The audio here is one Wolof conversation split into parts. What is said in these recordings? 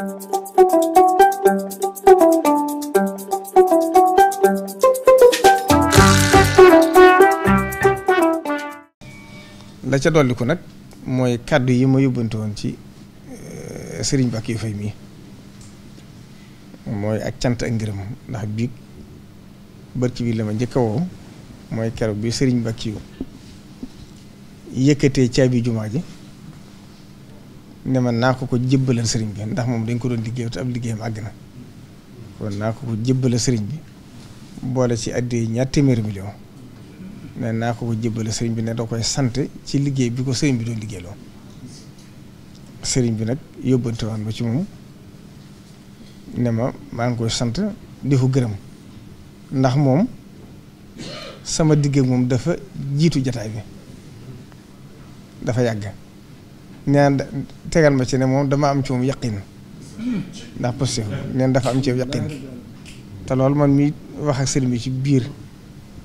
la ca dolliku nag mooy kàddu yi ma yóbbante woon ci eh, sëriñ Bakio Faye mii mooy ak cant ak ngërëm ndax biig barki bi la ma njëkk a mooy keroog bi sëriñ Bakio yëkkatee caabi jumaa ji ne man naa ko ko jébbalal sëriñ bi ndax moom dañ ko doon liggéey te ab liggéeyam àgg na kon naa ko ko jébbalal sëriñ bi boole ci àddee ñaar téeméeri million ne naa ko ko jébbalal sëriñ bi ne da koy sant ci liggéey bi ko sëriñ bi doon liggéeyloo sëriñ bi nag yóbbante waan ba ci moom ne ma maa ngi koy sant di ko gërëm ndax moom sama digg moom dafa jiitu jataay bi dafa yàgg neen tegal ma ci ne moom dama am ci moom yaqin ndax positif neen dafa am ci yaqin te loolu man mi wax ak sëriñ bi ci biir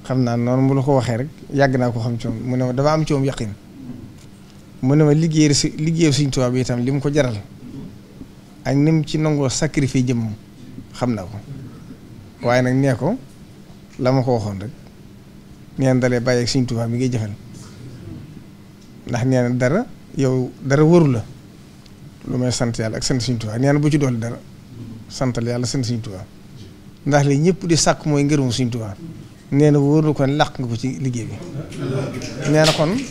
xam naa noonu mu la ko waxee rek yàgg naa ko xam ci moom mu ne ma dama am ci moom yaqin ne ma liggéey si liggéey suñ tubaab bi itam li mu ko jaral ak ni mu ci nangoo sacrifice jëmmam xam naa ko waaye nag nee ko la ma ko waxoon rek neen dalee bàyyi ak suñ tubaab bi ngay jëfal ndax nee dara yow dara wëru la lu may sant yàlla ak sant Sëriñ Tuubaa neen bu ci dolli dara santal yàlla sant Sëriñ Tuubaa ndax li ñëpp di sàkk mooy ngërëmu Sëriñ Tuubaa nee na wóor kon làq nga ko ci liggéey bi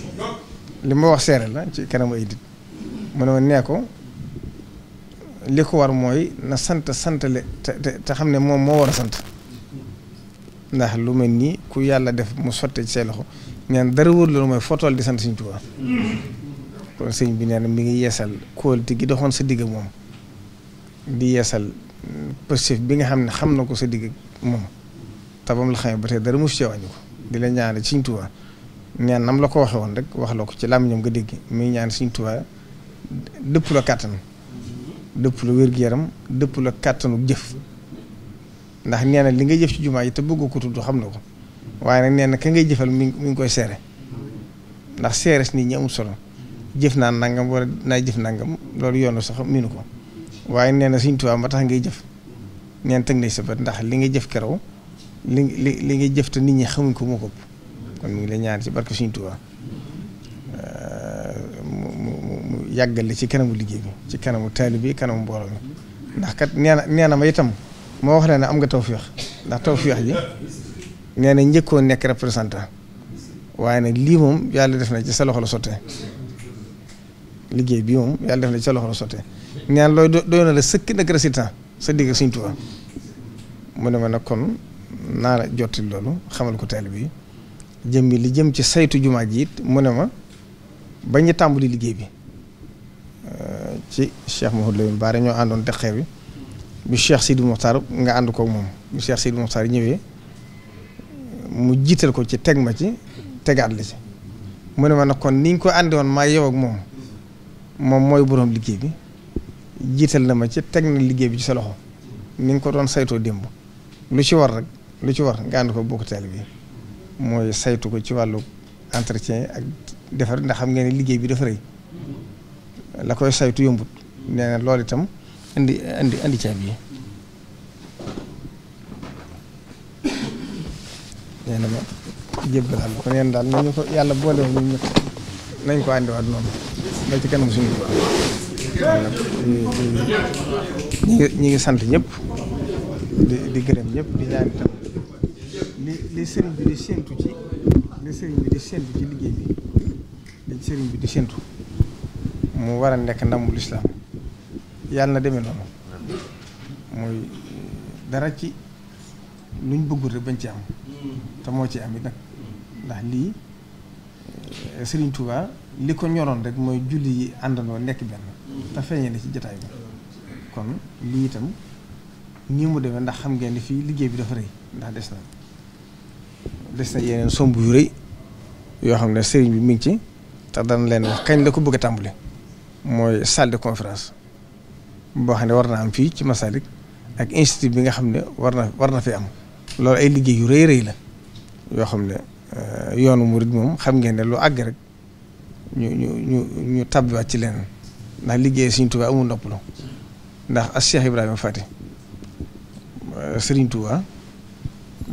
li ma wax seere la ci kanam ay dit nee ko li ko war mooy na sant santale te xam ne moom moo war a sant ndax lu mel nii ku yàlla def mu sottee ci say loxo nee na dara wóor la mooy fotool di sant Sëriñ Tuubaa kon sëñ bi nee na mi ngi yeesal kóolute gi doxoon sa digg moom di yeesal positif bi nga xam ne xam na ko sa digg moom tabam la xamee ba tey dara mosu cee wàññi ko di la ñaane Sëñ Tuubaa neen nam la ko waxee woon rek wax la ko ci làmmiñam nga dégg mi ngi ñaan Sëñ Tuubaa dëpp la kàttan dëpp la wér-gu-yaram dëpp la kàttanu jëf ndax nee li nga jëf ci jumaa ji te bëgg ko tudd xam na ko waaye nag nee na ka ngay jëfal mi mu ngi koy seere ndax seere si nit solo jëf naa nangam wala naa jëf nangam loolu yoonu sax ni ko waaye nee na Sëriñ Tuubaa ma tax ngay jëf neen teg nañ sa bët ndax li nga jëf keroog li li li nga jëf te nit ñi xamuñ ko moo ko kon mu ngi lay ñaan ci barke suñu Tuubaa euh, mu mu mu yàggal ci kanamu liggéey bi ci kanamu taalibe bi kanamu mbooloo mi ndax kat nee na nee na ma itam moo wax ne ne am nga tawfeex ndax tawfeex ji nee na njëkkoon nekk représentant waaye nag lii moom yàlla def na ci sa loxo la sottee. liggéey bi moom yàlla def na ci sa loxo la sotte ñaan looy doy na sëkk nag résultat sa digg Sëriñ Tuubaa mu ne ma nag kon la jotti loolu xamal ko taalibe bi jëm bi li jëm ci saytu jumaa ji it mu ne ma bañ a tàmbali liggéey bi euh, ci Cheikh Mouhamadou Lamine àndoon deqee bi Cheikh Sidi Mokhtar nga ànd koog moom bu Cheikh Sidi Mokhtar ñëwee mu jiital ko ci teg ma ci tegaat la mu ne ma nag kon ni ko àndi woon moom. moom mooy borom liggéey bi jiital na ma ci teg na liggéey bi ci sa loxo ni ko doon saytoo démb lu ci war rek lu ci war nga ànd ko bokk teel bi mooy saytu ko ci wàllu entretien ak defar ndax xam ngeen ne liggéey bi dafa rëy la koy saytu yombut nee na loolu itam indi indi indi caabi yi nee na ma jébbalaat ko neen daal nañu ko yàlla boole ñu nañ ko àndiwaat noonu ba ci kanam suñu ñu ngi ñu ngi sant ñëpp di gërëm ñépp di ñaan itam li li sëriñ bi di séentu ci li sëriñ bi di séentu ci liggéey bi li sëriñ bi di séentu mu war a nekk ndamu lislaam yàlla na demee noonu mooy dara ci luñ bëggul rek bañ ci am te moo ci am it nag ndax lii. Serigne Touba li ko ñoroon rek mooy julli yi àndandoo nekk benn te feeñee na ci jataay bi kon lii itam nii mu demee ndax xam ngeen ni fii liggéey bi dafa rëy ndax des na des na yeneen somb yu rëy yoo xam ne Serigne bi mi ngi ci te dana leen wax kañ la ko bëgg a tàmbali mooy salle de conférence boo xam ne war na am fii ci Massalik ak institut bi nga xam ne war na war na fi am loolu ay liggéey yu rëy rëy la yoo xam ne. Euh, yoonu murid moom xam ngeen ne lu àgg rek ñu ñu ñu ñu tàbbiwaat wàcc leneen ndax liggéey tubaa Tuubaa nopp noppalu ndax as Cheikh Ibrahima Fati euh, Sëriñ Tuubaa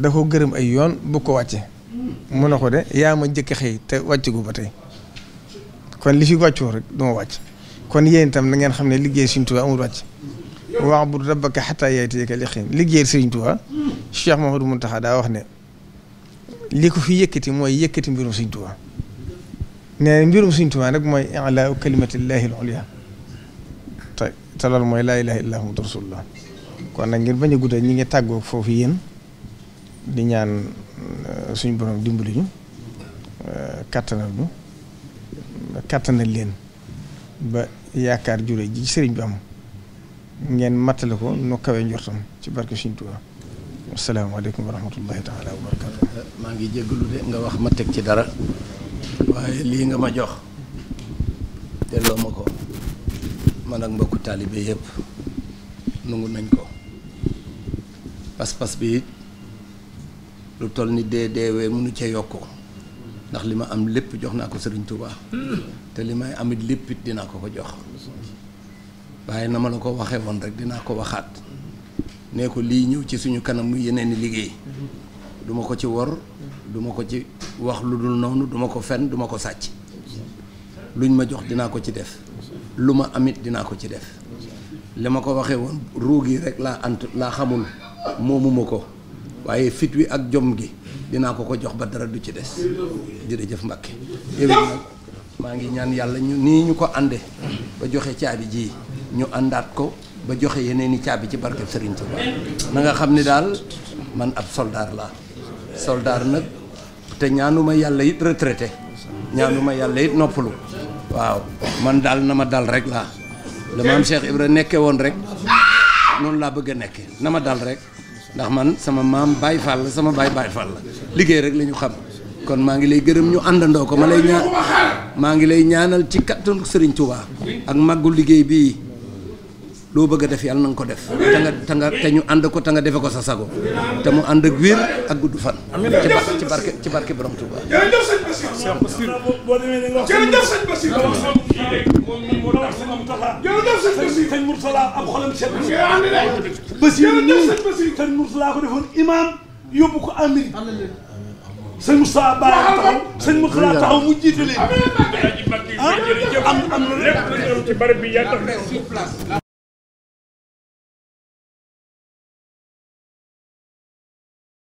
da ko gërëm ay yoon bu ko wàcce mu ne ko de yaa ma njëkk xëy te wàcce gu ba tey kon li fi wàccoo rek du ma wàcc kon yeen tam na ngeen xam ne liggéey Sëriñ Tuubaa amul wàcc wa'bud rabbaka hattaa ya'tiyaka al-yaqiin liggéey Sëriñ Tuubaa Cheikh Mouhamadou Mountakha daa wax ne. li ko fi yëkkati mooy yëkkati mbirum Sëñ Tuubaa nee na mbirum Sëñ Tuubaa nag mooy i'laa kalimatillahi al-ulya te te loolu mooy laa ilaaha illallaahu muhammadu rasulullah kon nag ngir bañ a guddal ngi tàggoo foofu yéen di ñaan euh, suñu borom dimbali ñu euh, kattanal ñu kattanal leen ba yaakaar jure ji sëriñ bi am ngeen mattale ko nu kawe njortam ci barke Sëñ Tuubaa asalaamaaleykum wa rahmatullahi taala maa ngi jéggalu de nga wax ma teg ci dara waaye lii nga ma jox delloo ma ko man ak mbokku taalibe yëpp nungu nañ ko pas-pas bi lu toll ni dee deewee mënu cee yokk ndax li ma am lépp jox naa ko Sëriñ Tuubaa te li may amit lépp dinaa ko ko jox waaye na ma la ko waxee woon rek dinaa ko waxaat. ne ko lii ñëw ci suñu kanam yeneen i liggéey duma ko ci wor duma ko ci wax lu dul noonu duma ko fen duma ko sàcc luñ ma jox dinaa ko ci def lu ma amit dinaa ko ci def li ma ko waxee woon ruug yi rek laa ant laa xamul moomuma ko waaye fit wi ak jom gi dinaa ko ko jox ba dara du ci des jërëjëf Mbàkke yow maa ngi ñaan yàlla ñu nii ñu ko ànde ba joxe caabi ji ñu àndaat ko ba joxe yeneen i caabi ci barkeb Serigne Touba na nga xam ni daal man ab soldaar la soldaar nag te ñaanu ma yàlla it retraité ñaanuma yàlla it noppalu waaw man daal na ma dal rek laa la maam Cheikh Ibra nekke woon rek noonu laa bëgg a nekke na ma dal rek ndax man sama maam baay Fall la sama baay Baye Fall la liggéey rek la ñu xam kon maa ngi lay gërëm ñu àndandoo ko ma lay maa ngi lay ñaanal ci kattanu sëriñ Touba ak màggu liggéey bii loo bëgg a def yal nanga ko def te nga te ñu ànd ko te nga defe ko sa sago te mu ànd ak ak gudd fan ci barke ci barke borom Touba jërëjëf sëñ ko defoon imam yóbbu ko Amérique sëñ Mourtala Ba taxaw sëñ mu jiite leen ah?